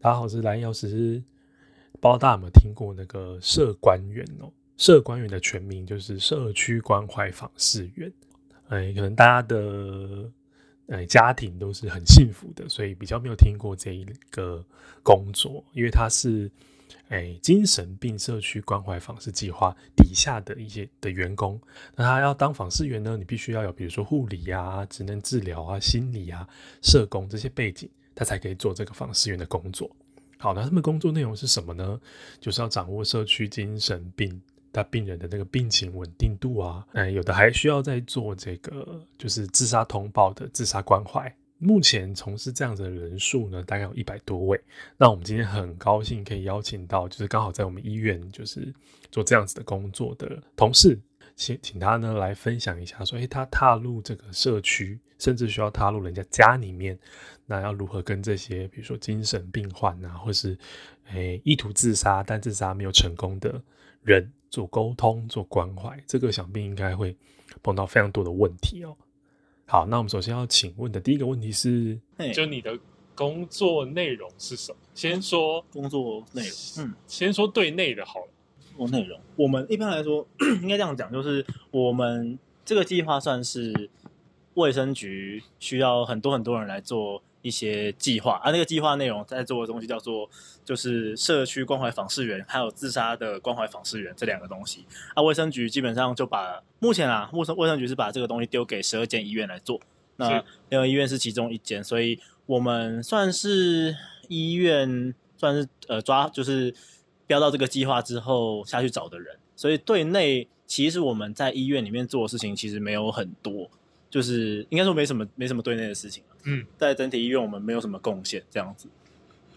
大家好，我是藍藥師，不知道大家有沒有聽過那個社關員哦、喔？社關員的全名就是社區關懷訪視員。哎、欸，可能大家的哎、欸、家庭都是很幸福的，所以比較沒有聽過這一個工作，因為他是哎、欸、精神病社區關懷訪視計劃底下的一些的員工。那他要當訪視員呢，你必須要有比如說護理呀、啊、職能治療啊、心理啊、社工這些背景。他才可以做這個訪視員的工作。好，那他們工作內容是什麼呢？就是要掌握社區精神病他病人的那個病情穩定度啊，呃，有的還需要再做這個就是自殺通報的自殺關懷。目前從事這樣子的人數呢，大概有一百多位。那我們今天很高興可以邀請到，就是剛好在我們醫院就是做這樣子的工作的同事。先請他呢來分享一下，說，哎、欸，他踏入這個社區，甚至需要踏入人家家裡面，那要如何跟這些，比如說精神病患啊，或是，哎、欸，意圖自殺但自殺沒有成功的人做溝通、做關懷，這個想必應該會碰到非常多的問題哦。好，那我們首先要請問的第一個問題是，就你的工作內容是什麼？先說工作內容，嗯，先說對內的好了。內、哦、容，我們一般來說應該這樣講，就是我們這個計劃算是衛生局需要很多很多人來做一些計劃啊，那個計劃內容在做的東西叫做就是社區關懷訪視員，還有自殺的關懷訪視員這兩個東西啊。衛生局基本上就把目前啊衛生衛生局是把這個東西丟給十二間醫院來做，那、那個、醫院是其中一間，所以我們算是醫院算是呃抓就是。標到這個計劃之後下去找的人，所以對內其實我們在醫院裡面做的事情其實沒有很多，就是應該說沒什麼沒什麼對內的事情嗯，在整體醫院我們沒有什麼貢獻這樣子。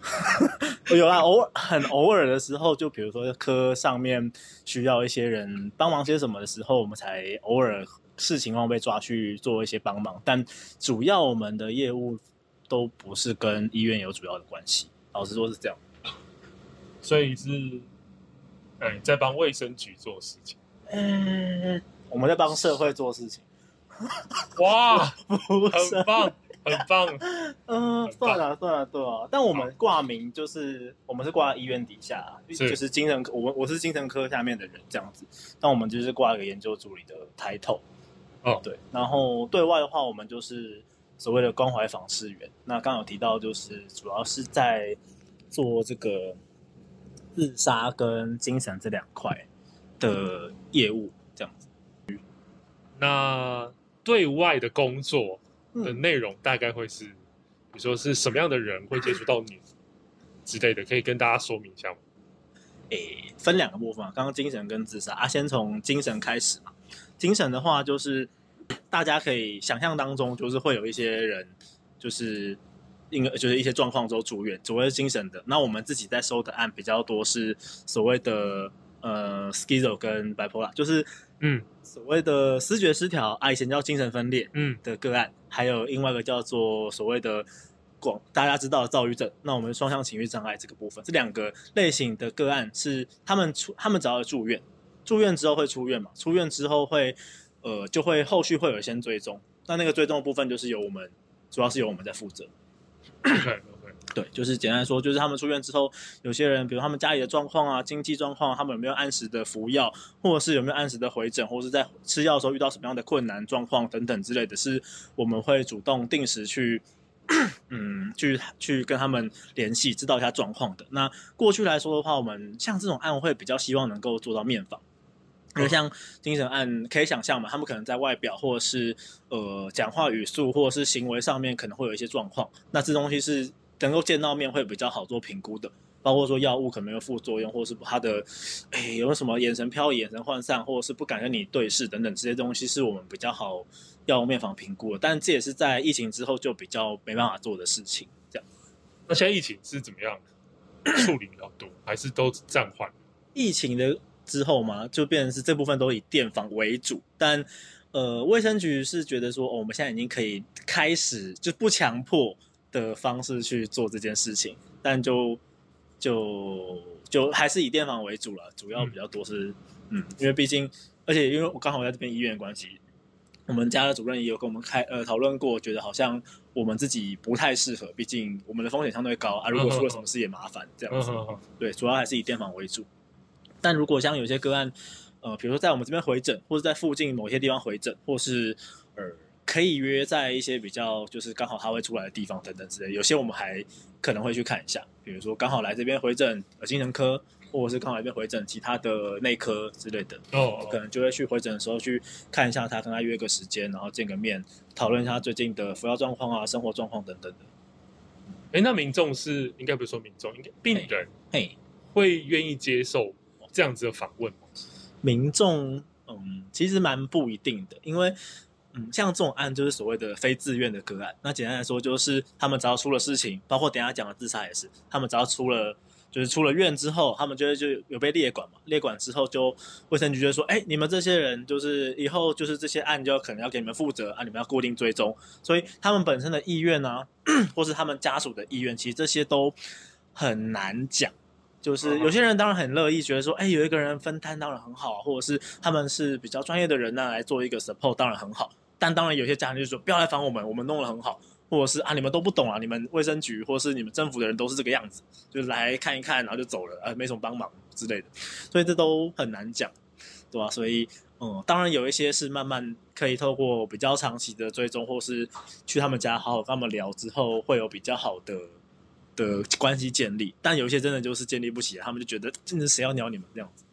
有啊， 偶爾很偶爾的時候，就比如說科上面需要一些人幫忙些什麼的時候，我們才偶爾視情況被抓去做一些幫忙。但主要我們的業務都不是跟醫院有主要的關係，老實說是這樣。嗯所以是，哎、欸，在幫衛生局做事情。嗯、欸，我們在幫社會做事情。哇， 很棒，很棒。嗯，算了算了對了、啊。但我們掛名就是，啊、我們是掛醫院底下、啊，就是精神科。我我是精神科下面的人這樣子。但我們就是掛一個研究助理的 title。哦、嗯，對。然後對外的話，我們就是所謂的關懷訪視員。那剛剛有提到，就是主要是在做這個。自殺跟精神這兩塊的業務，這樣子。那對外的工作的內容大概會是，比如說是什麼樣的人會接觸到你之類的，可以跟大家說明一下嗎？誒，分兩個部分啊，剛剛精神跟自殺啊，先從精神開始嘛。精神的話，就是大家可以想象當中，就是會有一些人，就是。應該就是一些狀況之後住院，主要是精神的。那我們自己在收的案比較多是所謂的呃 schizo 跟 bipolar，就是嗯所謂的思覺失調，啊以前叫精神分裂嗯的個案，嗯，還有另外一個叫做所謂的廣大家知道的躁鬱症。那我們雙向情緒障礙這個部分，這兩個類型的個案是他們出他們只要住院，住院之後會出院嘛？出院之後會呃就會後續會有一些追蹤，那那個追蹤的部分就是由我們主要是由我們在負責。 對，就是簡單來說，就是他們出院之後，有些人，比如他們家裡的狀況啊，經濟狀況，他們有沒有按時的服藥，或者是有沒有按時的回診，或者是在吃藥的時候遇到什麼樣的困難狀況等等之類的，是我們會主動定時去，嗯，去去跟他們聯繫，知道一下狀況的。那過去來說的話，我們像這種案，會比較希望能夠做到面訪。因為像精神案可以想象嘛，他們可能在外表或者是呃講話語速或者是行為上面可能會有一些狀況，那這些東西是能夠見到面會比較好做評估的，包括說藥物可能有副作用，或是把他的哎有沒有什麼眼神飄移、眼神渙散，或者是不敢跟你對視等等，這些東西是我們比較好要面訪評估的。但這也是在疫情之後就比較沒辦法做的事情，這樣。那現在疫情是怎麼樣處 理比較多，還是都暫緩？疫情的。之後嘛，就變成是這部分都以電訪為主。但，呃，衛生局是覺得說，哦，我們現在已經可以開始，就不強迫的方式去做這件事情。但就就就還是以電訪為主了，主要比較多是，嗯，嗯因為畢竟，而且因為我剛好在這邊醫院的關係，我們家的主任也有跟我們開呃討論過，覺得好像我們自己不太適合，畢竟我們的風險相對高啊，如果出了什麼事也麻煩這樣子，嗯。對，主要還是以電訪為主。但如果像有些個案，呃，比如說在我們這邊回診，或是在附近某些地方回診，或是呃，可以約在一些比較就是剛好他會出來的地方等等之類，有些我們還可能會去看一下，比如說剛好來這邊回診呃精神科，或者是剛好來這邊回診其他的內科之類的，哦，哦，哦、可能就會去回診的時候去看一下他，跟他約個時間，然後見個面，討論一下他最近的服藥狀況啊、生活狀況等等的。哎、欸，那民眾是應該不是說民眾，應該病人，哎，會願意接受？這樣子的訪問嗎？民眾嗯，其實蠻不一定的，因為嗯，像這種案就是所謂的非自願的個案。那簡單來說，就是他們只要出了事情，包括等一下講的自殺也是，他們只要出了就是出了院之後，他們就會就有被列管嘛。列管之後，就衛生局就說：“哎、欸，你們這些人就是以後就是這些案就可能要給你們負責啊，你們要固定追蹤。”所以他們本身的意願呢、啊，或是他們家屬的意願，其實這些都很難講。就是有些人當然很樂意，覺得說，哎、欸，有一個人分攤當然很好，或者是他們是比較專業的人呢、啊，來做一個 support，當然很好。但當然有些家庭就說，不要來煩我們，我們弄得很好，或者是啊，你們都不懂啊，你們衛生局或是你們政府的人都是這個樣子，就來看一看，然後就走了，呃、啊，沒什麼幫忙之類的。所以這都很難講，對吧、啊？所以嗯，當然有一些是慢慢可以透過比較長期的追蹤，或是去他們家好好跟他們聊之後，會有比較好的的關係建立，但有一些真的就是建立不起來，他們就覺得真的誰要鳥你們這樣子，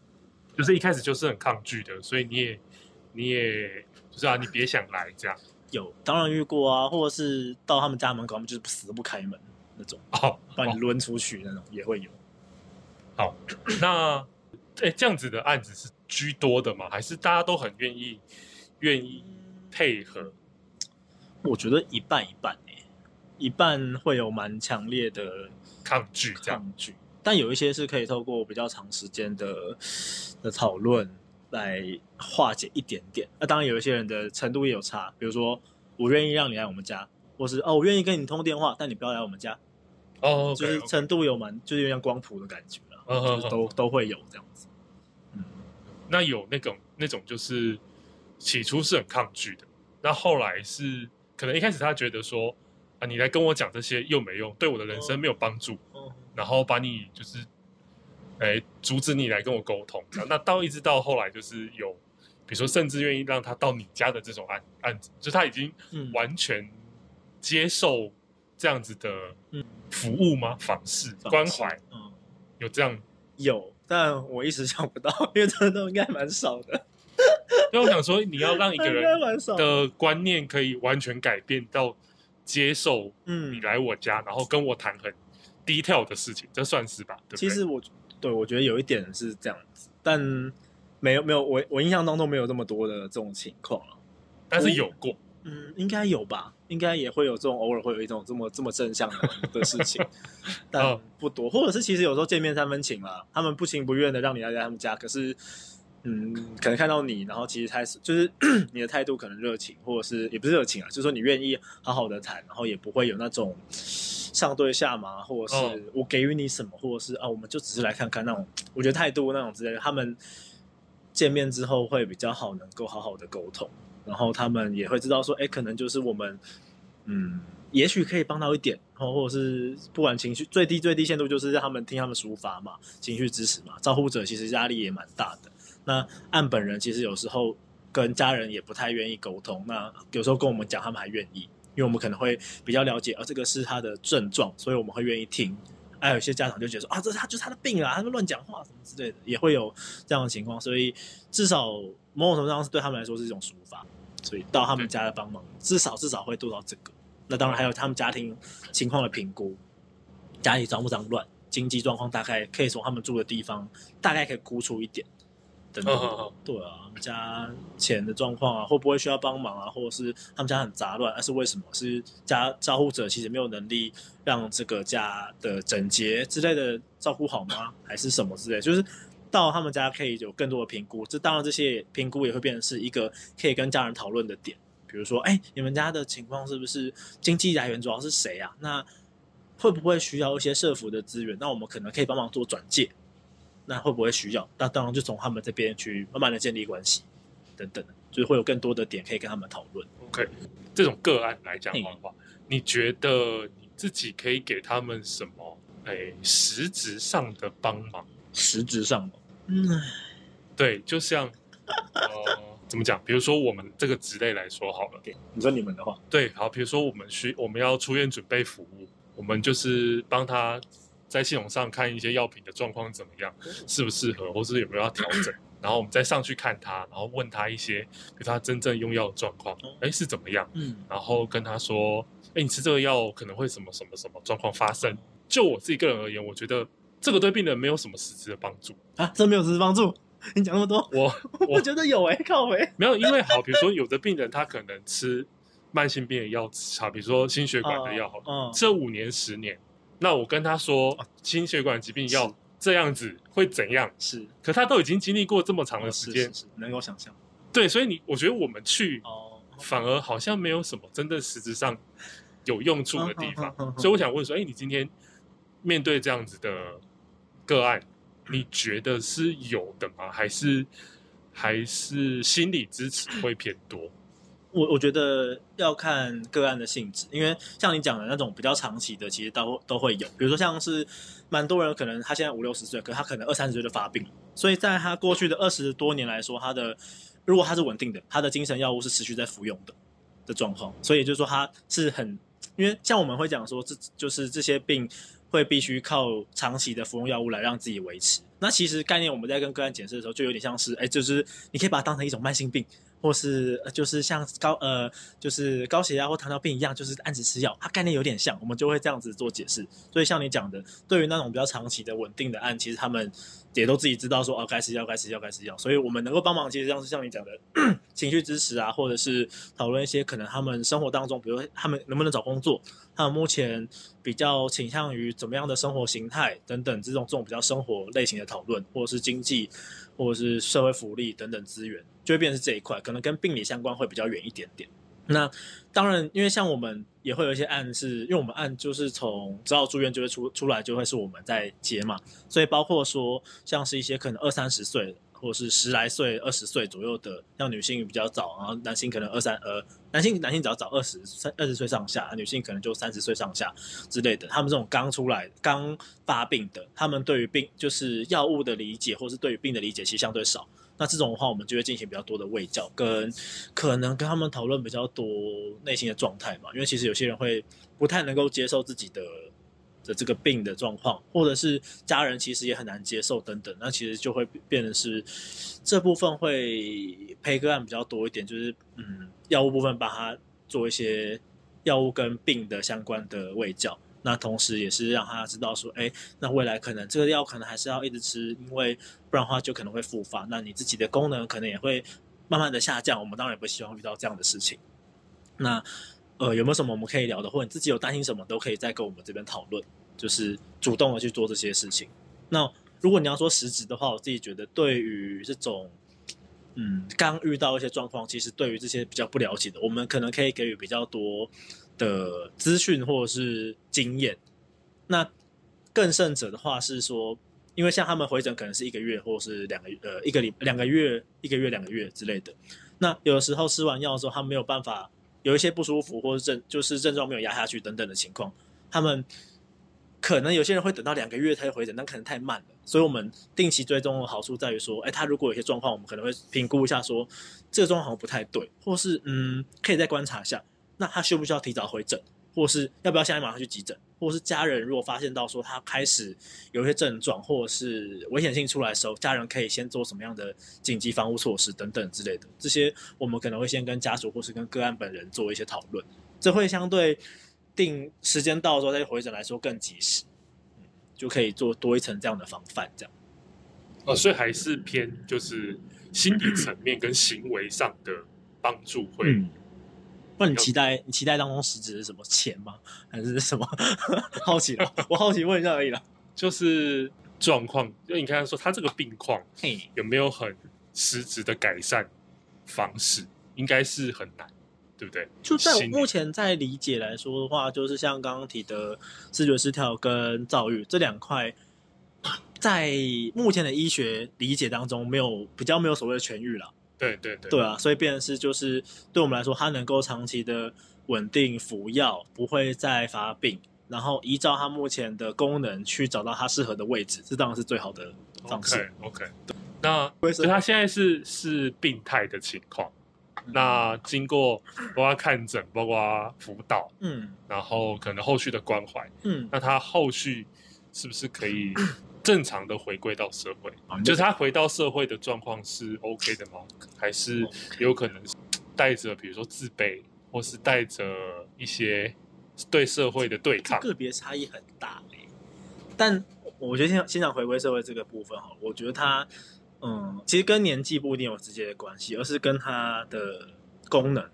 就是一開始就是很抗拒的，所以你也、嗯、你也不、就是啊，你別想來這樣。有當然遇過啊，或者是到他們家門口，他們就是死不開門那種，哦，把你掄出去那種、哦、也會有。好，那哎，這樣子的案子是居多的嗎？還是大家都很願意願意配合？我覺得一半一半。一半會有蠻強烈的抗拒，抗拒，但有一些是可以透過比較長時間的的討論來化解一點點。那、啊、當然有一些人的程度也有差，比如說我願意讓你來我們家，或是哦我願意跟你通電話，但你不要來我們家。哦、oh, okay,，就是程度有蠻 okay, okay. 就是像光譜的感覺了，就、oh, okay. 都都會有這樣子。嗯，那有那種那種就是起初是很抗拒的，那後來是可能一開始他覺得說。啊，你來跟我講這些又沒用，對我的人生沒有幫助。Oh. Oh. 然後把你就是，哎，阻止你來跟我溝通。然後那到一直到後來，就是有，比如說，甚至願意讓他到你家的這種案案子，就他已經完全接受這樣子的服務嗎？訪視關懷，有這樣有，但我一時想不到，因為這都應該蠻少的。所 以我想說，你要讓一個人的觀念可以完全改變到。接受，嗯，你來我家，嗯，然後跟我談很 detail 的事情，這算是吧？對不對？其實我，對，我覺得有一點是這樣子，但沒有沒有，我我印象當中都沒有這麼多的這種情況，但是有過，嗯，應該有吧，應該也會有這種偶爾會有一種這麼這麼正向的， 的事情，但不多，哦，或者是其實有時候見面三分情嘛，他們不情不願的讓你來他們家，可是。嗯，可能看到你，然後其實開始就是 你的態度，可能熱情，或者是也不是熱情啊，就是說你願意好好的談，然後也不會有那種上對下嘛，或者是我給予你什麼，或者是啊，我們就只是來看看那種，我覺得態度那種之類的，他們見面之後會比較好，能夠好好的溝通，然後他們也會知道說，哎，可能就是我們，嗯，也許可以幫到一點，然後、哦、或者是不管情緒，最低最低限度就是讓他們聽他們抒發嘛，情緒支持嘛，照顧者其實壓力也蠻大的。那案本人其實有時候跟家人也不太願意溝通，那有時候跟我們講，他們還願意，因為我們可能會比較了解，而、啊、這個是他的症狀，所以我們會願意聽。還、啊、有一些家長就覺得說啊，這是他就是他的病啦、啊，他們亂講話什麼之類的，也會有這樣的情況，所以至少某種程度上是對他們來說是一種抒發，所以到他們家來幫忙，嗯、至少至少會做到這個。那當然還有他們家庭情況的評估，家裡髒不髒亂，經濟狀況大概可以從他們住的地方大概可以估出一點。等等、哦好好，對啊，他們家錢的狀況啊，會不會需要幫忙啊？或者是他們家很雜亂，那、啊、是為什麼？是家照顧者其實沒有能力讓這個家的整潔之類的照顧好嗎？還是什麼之類？就是到他們家可以有更多的評估，這當然這些評估也會變成是一個可以跟家人討論的點。比如說，哎，你們家的情況是不是經濟來源主要是誰啊？那會不會需要一些社福的資源？那我們可能可以幫忙做轉介。那會不會需要？那當然就從他們這邊去慢慢的建立關係，等等，就是會有更多的點可以跟他們討論。OK，這種個案來講的話，你覺得你自己可以給他們什麼？哎、欸，實質上的幫忙？實質上嗎？嗯，對，就像，呃 怎麼講？比如說我們這個職類來說好了，okay, 你說你們的話，對，好，比如說我們需我們要出院準備服務，我們就是幫他。在系統上看一些藥品的狀況怎麼樣，適不適合，或者有沒有要調整， 然後我們再上去看他，然後問他一些比如他真正用藥的狀況，哎、嗯、是怎麼樣，嗯，然後跟他說，哎，你吃這個藥可能會什麼什麼什麼狀況發生。就我自己個人而言，我覺得這個對病人沒有什麼實質的幫助啊，這沒有實質幫助，你講那麼多，我我， 我覺得有哎、欸、靠哎，沒有，因為好比如說有的病人他可能吃慢性病的藥好，比如說心血管的藥，好、uh, uh，這五年十年。那我跟他說，心血管疾病要這樣子會怎樣？是，可他都已經經歷過這麼長的時間，哦，能夠想象對，所以你我覺得我們去，哦，反而好像沒有什麼真的實質上有用處的地方。哦哦哦哦哦。所以我想問說，哎、欸，你今天面對這樣子的個案，你覺得是有的嗎？還是還是心理支持會偏多？我我覺得要看個案的性質，因為像你講的那種比較長期的，其實都都會有。比如說像是蠻多人可能他現在五六十歲，可他可能二三十歲就發病。所以在他過去的二十多年來說，他的如果他是穩定的，他的精神藥物是持續在服用的的狀況，所以就是說他是很，因為像我們會講說這就是這些病會必須靠長期的服用藥物來讓自己維持。那其實概念我們在跟個案解釋的時候，就有點像是哎，就是你可以把它當成一種慢性病。或是，呃就是像高呃，就是高血壓或糖尿病一樣，就是按時吃藥，它概念有點像，我們就會這樣子做解釋。所以像你講的，對於那種比較長期的穩定的案，其實他們也都自己知道說哦，該吃藥，該吃藥，該吃藥。所以我們能夠幫忙，其實像是像你講的 情緒支持啊，或者是討論一些可能他們生活當中，比如他們能不能找工作，他們目前比較傾向於怎麼樣的生活形態等等這種這種比較生活類型的討論，或者是經濟或者是社會福利等等資源。就會變成是這一塊，可能跟病理相關會比較遠一點點。那當然，因為像我們也會有一些案，是因為我們案就是從知道住院就會出出來，就會是我們在接嘛。所以包括說，像是一些可能二三十歲，或是十來歲、二十歲左右的，像女性比較早，然後男性可能二三呃，男性男性只要早二十歲、二十歲上下，女性可能就三十歲上下之類的。他們這種剛出來、剛發病的，他們對於病就是藥物的理解，或是對於病的理解，其實相對少。那這種的話，我們就會進行比較多的衛教，跟可能跟他們討論比較多內心的狀態嘛。因為其實有些人會不太能夠接受自己的的這個病的狀況，或者是家人其實也很難接受等等。那其實就會變成是這部分會陪個案比較多一點，就是嗯，藥物部分把他做一些藥物跟病的相關的衛教。那同時也是讓他知道說，哎，那未來可能這個藥可能還是要一直吃，因為不然的話就可能會復發。那你自己的功能可能也會慢慢的下降。我們當然也不希望遇到這樣的事情。那呃，有沒有什麼我們可以聊的，或者你自己有擔心什麼，都可以再跟我們這邊討論，就是主動的去做這些事情。那如果你要說實質的話，我自己覺得對於這種，嗯，剛遇到一些狀況，其實對於這些比較不了解的，我們可能可以給予比較多。的資訊或者是經驗，那更甚者的話是說，因為像他們回診可能是一個月或是兩個月，呃，一個禮兩個月，一個月兩個月之類的。那有時候吃完藥的時候，他沒有辦法有一些不舒服，或是、就是、症就是症狀沒有壓下去等等的情況，他們可能有些人會等到兩個月才回診，但可能太慢了。所以，我們定期追蹤的好處在於說，哎、欸，他如果有些狀況，我們可能會評估一下說，說這個狀況好像不太對，或是嗯，可以再觀察一下。那他需不需要提早回診，或是要不要現在馬上去急診，或是家人如果發現到說他開始有一些症狀，或者是危險性出來的時候，家人可以先做什麼樣的緊急防護措施等等之類的，這些我們可能會先跟家屬或是跟個案本人做一些討論，這會相對定時間到的時候再回診來說更及時，嗯，就可以做多一層這樣的防範，這樣。哦，所以還是偏就是心理層面跟行為上的幫助會。嗯問你期待，你期待當中實質是什麼錢嗎？還是什麼？ 好奇了， 我好奇問一下而已啦。就是狀況，就你剛才說他這個病況嘿，有沒有很實質的改善方式？應該是很難，對不對？就在我目前在理解來說的話，就是像剛剛提的思覺失調跟躁鬱這兩塊，在目前的醫學理解當中，沒有，比較沒有所謂的痊癒了。對對對，對啊，所以變成是就是，對我們來說，他能夠長期的穩定服藥，不會再發病，然後依照他目前的功能去找到他適合的位置，這當然是最好的方式。OK OK 那。那所以他現在是是病態的情況，嗯、那經過包括看診，包括輔導，嗯，然後可能後續的關懷，嗯，那他後續是不是可以、嗯？正常的回歸到社會，啊、就是就他回到社會的狀況是 OK 的嗎？ 還是有可能是帶着比如說自卑，或是帶着一些對社會的對抗？這個別差異很大。欸、但我覺得先先講回歸社會這個部分哈，我覺得他嗯，其實跟年紀不一定有直接的關係，而是跟他的功能，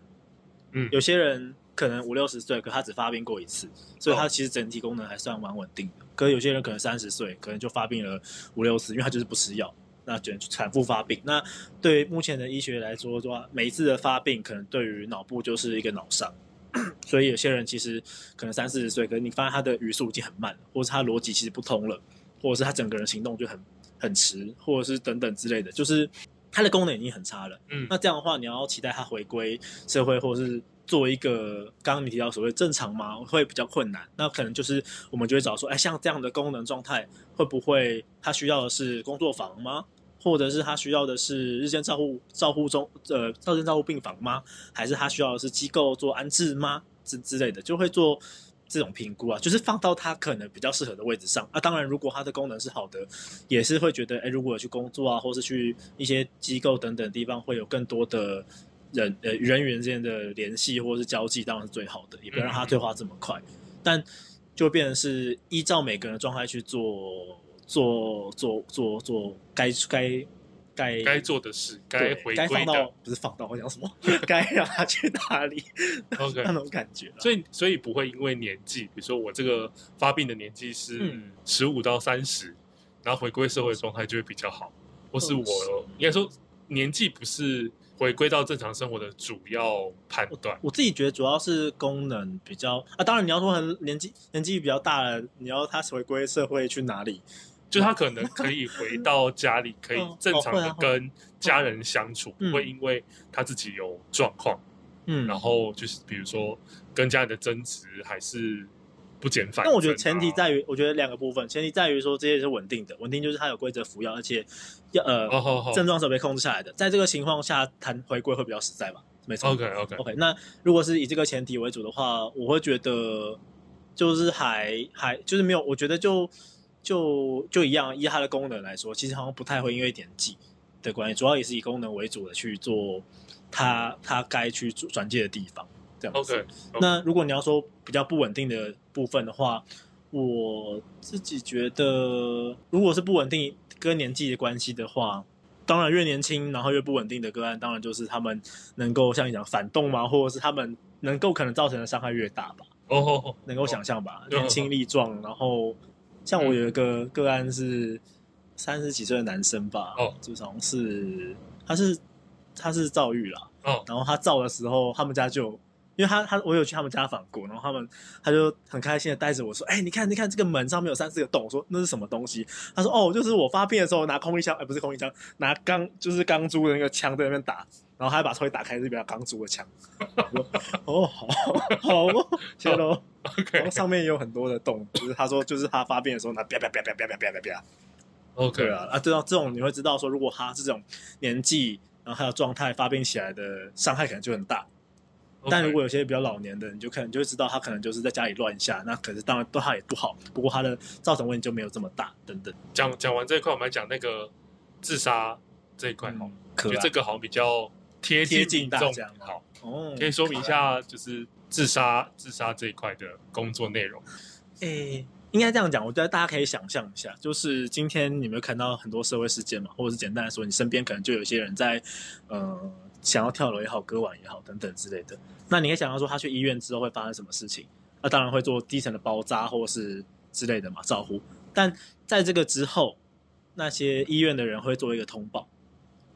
嗯，有些人，可能五六十歲，可他只發病過一次，所以他其實整體功能還算蠻穩定的。Oh. 可有些人可能三十歲，可能就發病了五六十，因為他就是不吃藥，那只能反复發病。那對目前的醫學來說的話，每一次的發病可能對於腦部就是一個腦傷。 所以有些人其實可能三四十歲，可是你發現他的語速已經很慢，或是他邏輯其實不通了，或者是他整個人行動就很很遲，或者是等等之類的，就是他的功能已經很差了。嗯，那這樣的話，你要期待他回歸社會，或者是？做一個剛剛你提到所謂正常嗎？會比較困難，那可能就是我們就會找說，哎、欸，像這樣的功能狀態會不會他需要的是工作房嗎？或者是他需要的是日間照護，照護中呃照間照護病房嗎？還是他需要的是機構做安置嗎？之之類的就會做這種評估啊，就是放到他可能比較適合的位置上。那、啊、當然，如果他的功能是好的，也是會覺得，哎、欸，如果有去工作啊，或是去一些機構等等地方會有更多的。人呃人與人之間的聯繫或是交際當然是最好的，也不要讓他對話這麼快，嗯，但就變成是依照每個人的狀態去做做做做做該該該該做的事，該回歸到不是放到我想什麼，該 讓他去哪裡 Okay . 那種感覺，啊，所以所以不會因為年紀，比如說我這個發病的年紀是十五到三十，嗯，然後回歸社會狀態就會比較好，或是我應該說年紀不是。回歸到正常生活的主要判斷，我自己覺得主要是功能比較啊，當然你要說很年紀年紀比較大了，你要他回歸社會去哪裡，就他可能可以回到家裡，可以正常的跟家人相處，不會因為他自己有狀況，嗯，然後就是比如說跟家人的爭執還是。不減反。那我覺得前提在於、啊，我覺得兩個部分，前提在於說這些是穩定的，穩定就是它有規則服藥，而且要呃，oh, oh, oh. 症狀是被控制下來的。在這個情況下談回歸會比較實在吧？沒錯。OK OK OK。那如果是以這個前提為主的話，我會覺得就是還還就是沒有，我覺得就就就一樣，以它的功能來說，其實好像不太會因為點擊的關係，主要也是以功能為主的去做它他該去轉介的地方。Okay, OK，那如果你要說比較不穩定的部分的話，我自己覺得，如果是不穩定跟年紀的關係的話，當然越年輕，然後越不穩定的個案，當然就是他們能夠像你講反動嘛，或者是他們能夠可能造成的傷害越大吧。哦、oh, oh,，oh, oh, oh. 能夠想象吧，年輕力壯，oh, oh, oh. 然後像我有一個個案是三十幾歲的男生吧，哦、oh.，就從是他是他是躁鬱了，哦、oh.，然後他躁的時候，他們家就。因為他他我有去他們家訪過，然後他們他就很開心的帶着我說：“哎、欸，你看你看這個門上面有三四個洞。”我說：“那是什麼東西？”他說：“哦，就是我發病的時候拿空氣槍、欸，不是空氣槍，拿鋼就是鋼珠的那個槍在那邊打，然後他還把抽屜打開這邊有鋼珠的槍。 ”我說：“哦，好，謝謝嘍。”OK，然後上面也有很多的洞，就是他說就是他發病的時候拿啪啪啪啪啪啪啪啪 OK 啊啊，對啊，這種你會知道說，如果他是這種年紀，然後還有狀態發病起來的傷害可能就很大。但如果有些比較老年的，你就可能就會知道，他可能就是在家裡亂下，那可是當然對他也不好。不過他的造成問題就沒有這麼大，等等。講講完這一塊，我們來講那個自殺這一塊，好、嗯，覺得這個好像比較貼近，近大家，好、嗯，可以說明一下，就是自殺自殺這一塊的工作內容，誒、欸。應該這樣講，我覺得大家可以想象一下，就是今天你們看到很多社會事件嘛，或者是簡單來說，你身邊可能就有一些人在，呃，想要跳樓也好、割腕也好等等之類的。那你可以想象說，他去醫院之後會發生什麼事情？那當然會做低層的包扎或是之類的嘛，照顧。但在這個之後，那些醫院的人會做一個通報，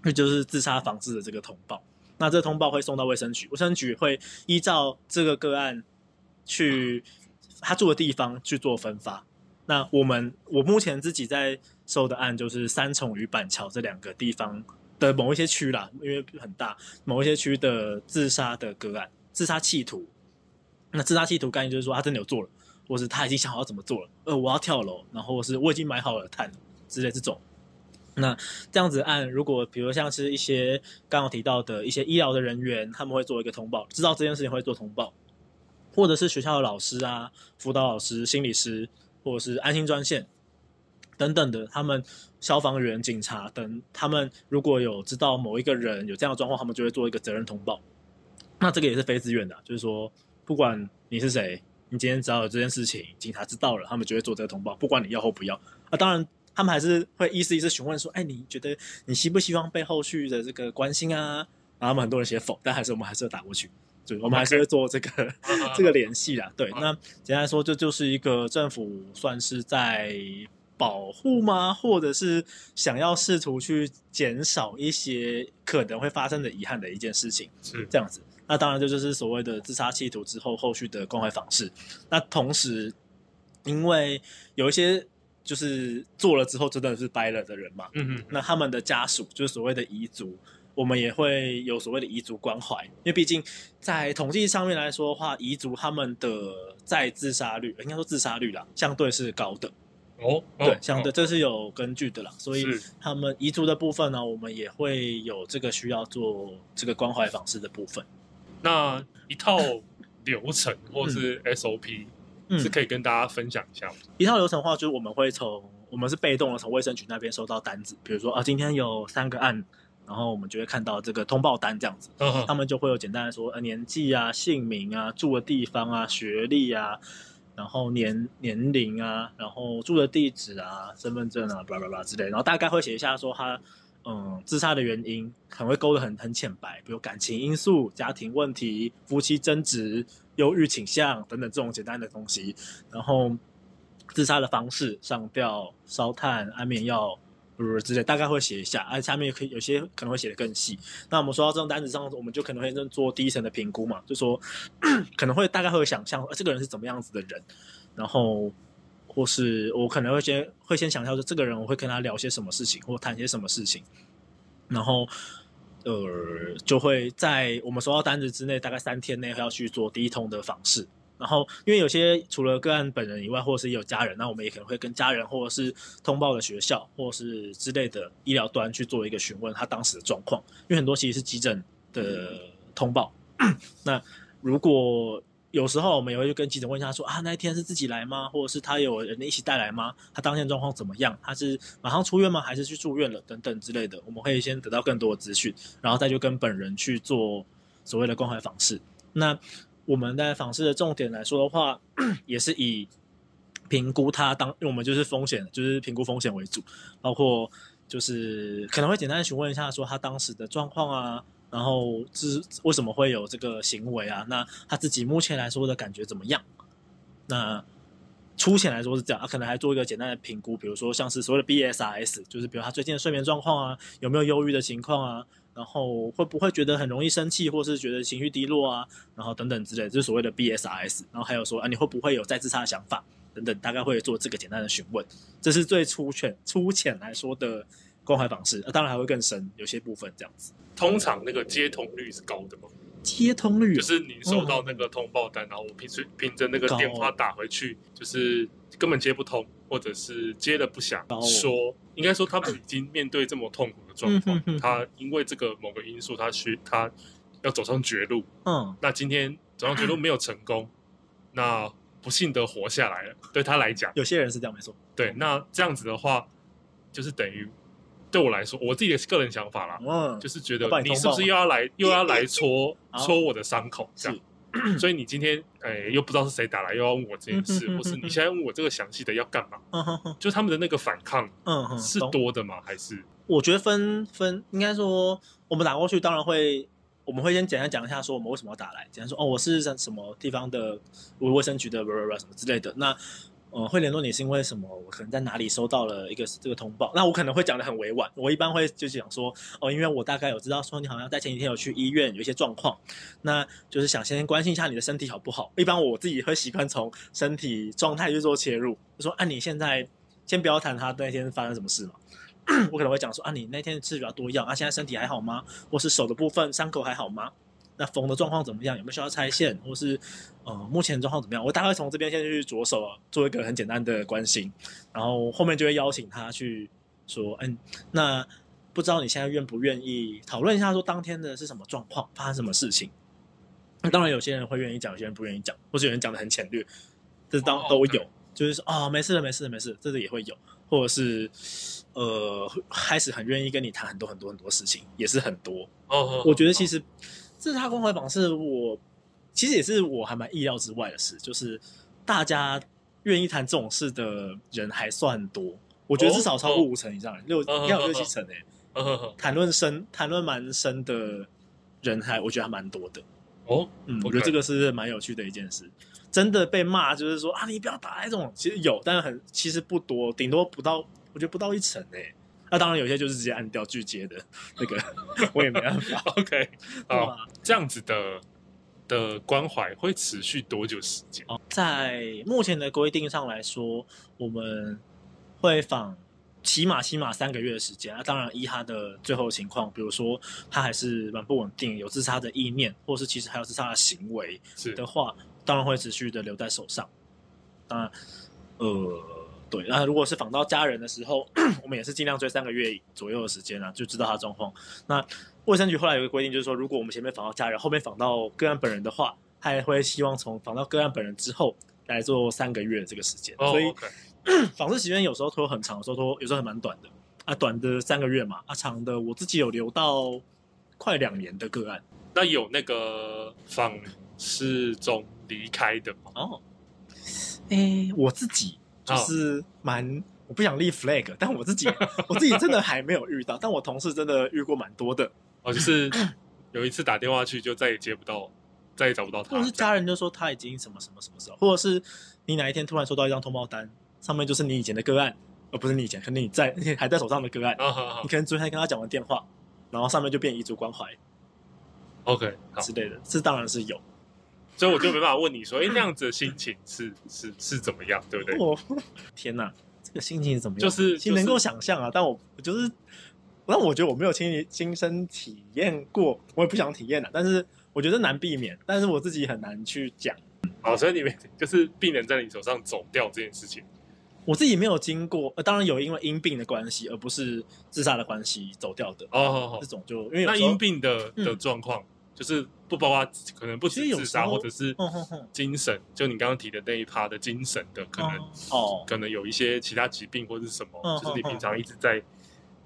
那就是自殺防治的這個通報。那這個通報會送到衛生局，衛生局會依照這個個案去。他住的地方去做分發。那我們，我目前自己在受的案，就是三重與板橋這兩個地方的某一些區啦，因為很大，某一些區的自殺的個案，自殺企圖。那自殺企圖概念就是說，他真的有做了，或是他已經想好要怎麼做了，呃，我要跳樓，然後是我已經買好了炭之類這種。那這樣子的案，如果比如像是一些剛剛提到的一些醫療的人員，他們會做一個通報，知道這件事情會做通報。或者是學校的老師啊、輔導老師、心理師，或者是安心專線等等的，他們消防員、警察等，他們如果有知道某一個人有這樣的狀況，他們就會做一個責任通報。那這個也是非自願的，就是說不管你是誰，你今天只要有這件事情，警察知道了，他們就會做這個通報，不管你要或不要。啊，當然他們還是會意思意思詢問說：“哎、欸，你覺得你希不希望被後續的這個關心啊？”然、啊、後他們很多人寫否，但還是我們還是要打過去。對，我們還是會做這個、okay. 這個聯繫啦。啊、對，啊、那簡單來說，這就，就是一個政府算是在保護嗎？或者是想要試圖去減少一些可能會發生的遺憾的一件事情，是這樣子。那當然，這就是所謂的自殺企圖之後後續的關懷方式。那同時，因為有一些就是做了之後真的是掰了的人嘛，嗯嗯，那他們的家屬就是所謂的遺族。我們也會有所謂的遺族關懷，因為畢竟在統計上面來說的話，遺族他們的再自殺率，應該說自殺率啦，相對是高的哦。對，相對、哦、這是有根據的啦，所以他們遺族的部分呢、啊，我們也會有這個需要做這個關懷訪視的部分。那一套流程或是 SOP、 嗯、是可以跟大家分享一下嗎？嗯、一套流程的話，就是我們會從我們是被動的從衛生局那邊收到單子，比如說啊，今天有三個案。然後我們就會看到這個通報單這樣子呵呵，他們就會有簡單的說，呃，年紀啊、姓名啊、住的地方啊、學歷啊，然後年年齡啊，然後住的地址啊、身份證啊，巴拉巴拉之類。然後大概會寫一下說他，嗯，自殺的原因，可能會勾得很很淺白，比如感情因素、家庭問題、夫妻爭執、憂鬱傾向等等這種簡單的東西。然後自殺的方式，上吊、燒炭、安眠藥。呃、之類大概會寫一下啊，下面可以有些可能會寫得更細。那我們收到這張單子上，我們就可能會做第一層的評估嘛，就說可能會大概會想象、呃，這個人是怎麼樣子的人，然後或是我可能會先會先想象說，這個人我會跟他聊些什麼事情或談些什麼事情，然後呃，就會在我們收到單子之內大概三天內會要去做第一通的訪視。然後，因為有些除了個案本人以外，或者是有家人，那我們也可能會跟家人，或者是通報的學校，或者是之類的醫療端去做一個詢問，他當時的狀況。因為很多其實是急診的通報。嗯、 那如果有時候我們也會去跟急診問一下說，說啊，那一天是自己來嗎？或者是他有人一起帶來嗎？他當天的狀況怎麼樣？他是馬上出院嗎？還是去住院了？等等之類的，我們會先得到更多的資訊，然後再就跟本人去做所謂的關懷訪視。那。我們在訪視的重點來說的話，也是以評估他當，我們就是風險，就是評估風險為主，包括就是可能會簡單詢問一下，說他當時的狀況啊，然後是為什麼會有這個行為啊？那他自己目前來說的感覺怎麼樣？那粗淺來說是這樣，啊，可能還做一個簡單的評估，比如說像是所謂的 BSRS，就是比如他最近的睡眠狀況啊，有沒有憂鬱的情況啊？然後會不會覺得很容易生氣，或是覺得情緒低落啊？然後等等之類，就是所謂的 B S R S。然後還有說，啊，你會不會有再自殺的想法？等等，大概會做這個簡單的詢問，這是最粗淺、粗淺來說的關懷方式、啊。當然還會更深，有些部分這樣子。通常那個接通率是高的嗎？接通率、哦、就是你收到那個通報單，哦、然後我憑憑着那個電話打回去，啊、就是。根本接不通，或者是接了不想說。Oh. 應該說，他們已經面對這麼痛苦的狀況、嗯，他因為這個某個因素他去，他需他要走上絕路。嗯、oh.，那今天走上絕路沒有成功，oh. 那不幸的活下來了，對他來講， 有些人是這樣沒錯。對，那這樣子的話，就是等於對我來說，我自己的個人想法啦，oh. 就是覺得你是不是又要來、oh. 又要來戳、oh. 戳我的傷口這樣。 所以你今天哎、欸，又不知道是誰打來，又要問我這件事， 或是你現在問我這個詳細的要幹嘛？ 就他們的那個反抗，嗯嗯，是多的嗎、 嗯嗯？還是？我覺得分分，應該說，我們打過去，當然會，我們會先簡單講一下，說我們為什麼要打來，簡單說，哦，我是在什麼地方的衛生局的什麼之類的，那。嗯，會聯絡你是因為什麼？我可能在哪裡收到了一個這個通報，那我可能會講得很委婉。我一般會就是講說，哦，因為我大概有知道說你好像在前幾天有去醫院有一些狀況，那就是想先關心一下你的身體好不好。一般我自己會喜歡從身體狀態去做切入，就說啊，你現在先不要談他那天發生什麼事嘛， 我可能會講說啊，你那天吃比較多藥啊，現在身體還好嗎？或是手的部分傷口還好嗎？那縫的狀況怎麼樣？有沒有需要拆線？或是，呃，目前的狀況怎麼樣？我大概從這邊先去着手、啊、做一個很簡單的關心，然後後面就會邀請他去說，嗯、欸，那不知道你現在願不願意討論一下，說當天的是什麼狀況，發生什麼事情？那當然，有些人會願意講，有些人不願意講，或者有人講得很淺略，這當都有，oh, okay. 就是說，哦，沒事的，沒事的，沒事，這個也會有，或者是，呃，開始很願意跟你談很多很多很多事情，也是很多。哦、oh, oh,，oh, 我覺得其實。Oh. 是他光環榜是我，其實也是我還蠻意料之外的事，就是大家願意談這種事的人還算多，我覺得至少超過五成以上，六應該有六七成誒、欸。談、uh、論 -huh. uh-huh. 深、談論蠻深的人還，我覺得還蠻多的。哦、oh, okay.，嗯，我覺得這個是蠻有趣的一件事。真的被罵就是說啊，你不要打這種，其實有，但很其實不多，頂多不到，我覺得不到一成誒、欸。那、啊、當然，有些就是直接按掉拒接的， 那個，我也沒辦法。 OK，啊，這樣子的的關懷會持續多久時間？在目前的規定上來說，我們會訪起碼起碼三個月的時間。那、啊、當然，依他的最後情況，比如說他還是蠻不穩定，有自殺的意念，或是其實還有自殺的行為的話是，當然會持續的留在手上。當然，呃。對，那如果是訪到家人的時候， 我們也是盡量追三個月左右的時間啊，就知道他狀況。那衛生局後來有個規定，就是說，如果我們前面訪到家人，後面訪到個案本人的話，他也會希望從訪到個案本人之後來做三個月的這個時間。哦、所以，訪視時間有時候拖很長，候拖有時候還蠻短的啊，短的三個月嘛啊，長的我自己有留到快兩年的個案。那有那個訪視中離開的嗎？哦，誒、欸，我自己。就是蠻、oh. 我不想立 flag，但我自己我自己真的還沒有遇到， 但我同事真的遇過蠻多的。哦、oh,，就是有一次打電話去，就再也接不到，再也找不到他。或者是家人就說他已經什麼什麼什麼時候，或者是你哪一天突然收到一張通報單，上面就是你以前的個案，呃，不是你以前，可能你在你還在手上的個案。啊、oh, oh, oh. 你可能昨天還跟他講完電話，然後上面就變遺族關懷，OK 好之類的，這當然是有。所以我就沒辦法問你說，哎、欸，那樣子的心情是是是，是怎麼樣，對不對？天哪、啊，這個心情是怎麼樣？就是，就是、其實能能夠想象啊，但我就是，但我覺得我沒有親親身體驗過，我也不想體驗啊，但是我覺得難避免，但是我自己很難去講。好，所以你們就是病人在你手上走掉這件事情。我自己沒有經過，當然有因為因病的關係，而不是自殺的關係走掉的。哦，好，好，好，這種就因為那因病的的狀況。嗯就是不包括可能不止自殺，或者是精神，嗯、哼哼，就你剛剛提的那一趴的精神的可能，嗯，哦，可能有一些其他疾病或者是什麼，嗯哼哼，就是你平常一直在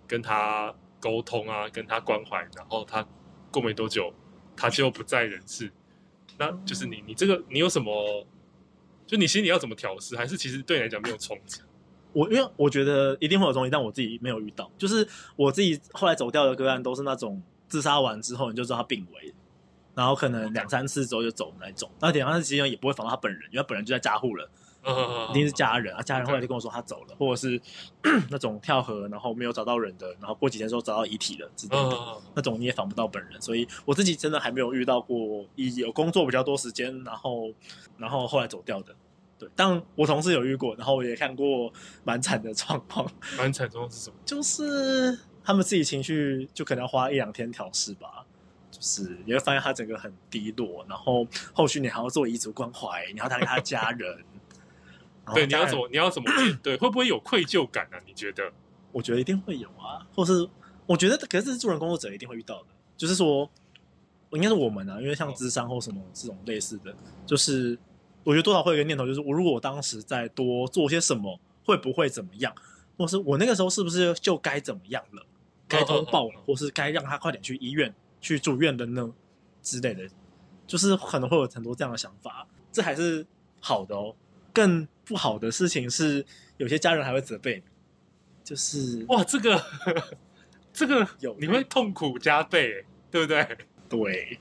跟他溝通啊，嗯哼哼，跟他關懷，然後他過沒多久，他就不在人世，那就是你你這個你有什麼？就你心裡要怎麼調適？還是其實對你來講沒有衝擊，啊？我因為我覺得一定會有衝擊，但我自己沒有遇到，就是我自己後來走掉的個案都是那種自殺完之後你就知道他病危。然後可能兩三次之後就走那種走，那點三次其實也不會訪他本人，因為他本人就在家戶了，oh, okay. 一定是家人啊。家人後來就跟我說他走了，okay. 或者是 那種跳河，然後沒有找到人的，然後過幾天之後找到遺體了之類的，的 oh, okay. 那種你也訪不到本人。所以我自己真的還沒有遇到過有工作比較多時間，然後然後後來走掉的。對，但我同事有遇過，然後我也看過蠻慘的狀況。蠻慘的狀況是什麼？就是他們自己情緒就可能要花一兩天調適吧。就是你會發現他整個很低落，然後後續你還要做遺囑關懷，你要給 然後談他家人，對，你要怎麼你要怎麼 對？會不會有愧疚感呢、啊？你覺得？我覺得一定會有啊，或是我覺得，可是助人工作者一定會遇到的，就是說，應該是我們啊，因為像諮商或什麼這種類似的，就是我覺得多少會有一個念頭，就是我如果我當時再多做些什麼，會不會怎麼樣？或是我那個時候是不是就該怎麼樣了？該通報了、哦哦哦，或是該讓他快點去醫院？去住院的那種之類的，就是可能會有很多這樣的想法，這還是好的哦。更不好的事情是，有些家人還會責備你，就是哇，這個呵呵這個有，你會痛苦加倍，對不對？對。